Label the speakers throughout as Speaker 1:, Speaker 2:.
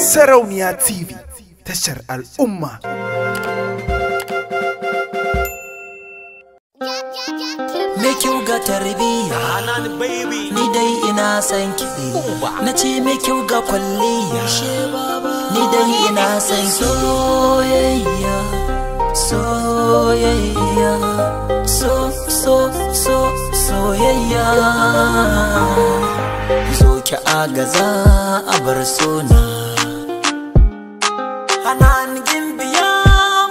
Speaker 1: Sarauniya TV tashar al'umma. tarbiyya ni dai ina san na ce ga kwalliya ni dai ina san soyayya soyayya so so so soyayya zo ki agaza a bar Hanan gimbiya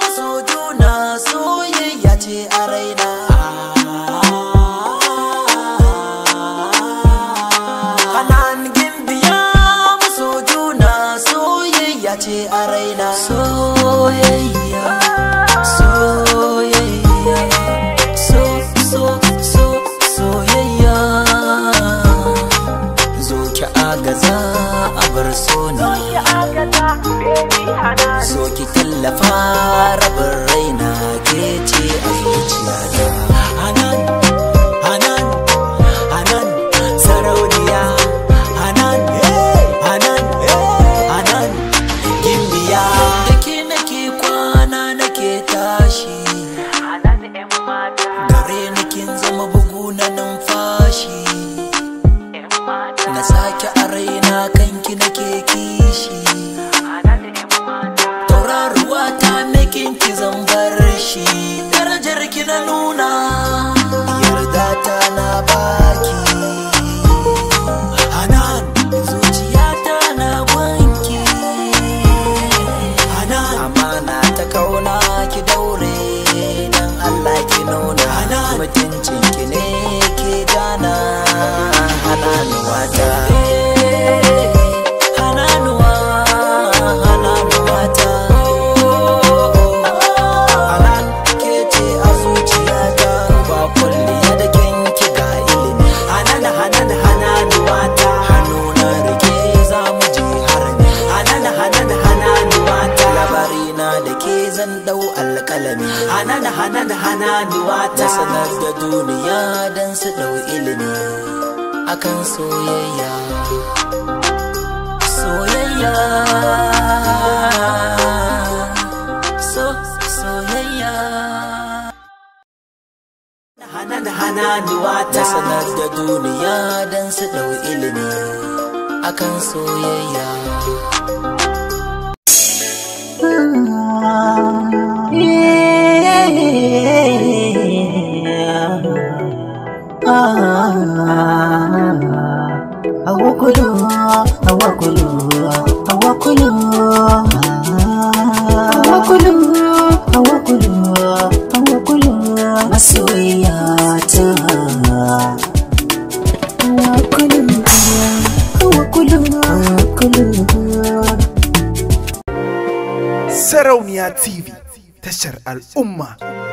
Speaker 1: maso juna soyayya ce a raina hana gimbiya maso juna soyayya ce a raina soyayya soyayya so so so soyayya zo ki agaza a bar sona eh. so ki tallafa rabin raina ke ce a zuciyata hanan hanan hanan sarauniya hanan hanan eh, hanan eh, gimbiya da ke nake kwana nake tashi dare nakin zama bugu na numfashi na sake a raina kanki nake kishi shi darajar ki na nuna yarda ta na baki hanan zuciya ta na wanki hanan amana ta kauna ki daure dan Allah ki nuna mutuncin alami hana da hana da hana duwata na sanar da duniya don su ɗau ilimi akan soyayya soyayya so soyayya hana da hana na sanar da duniya don su ɗau ilimi akan soyayya awakulu awakulu awakulu awakulu awakulu awakulu ta awakulu awakulu awakulu sarauniya tv tashar al'umma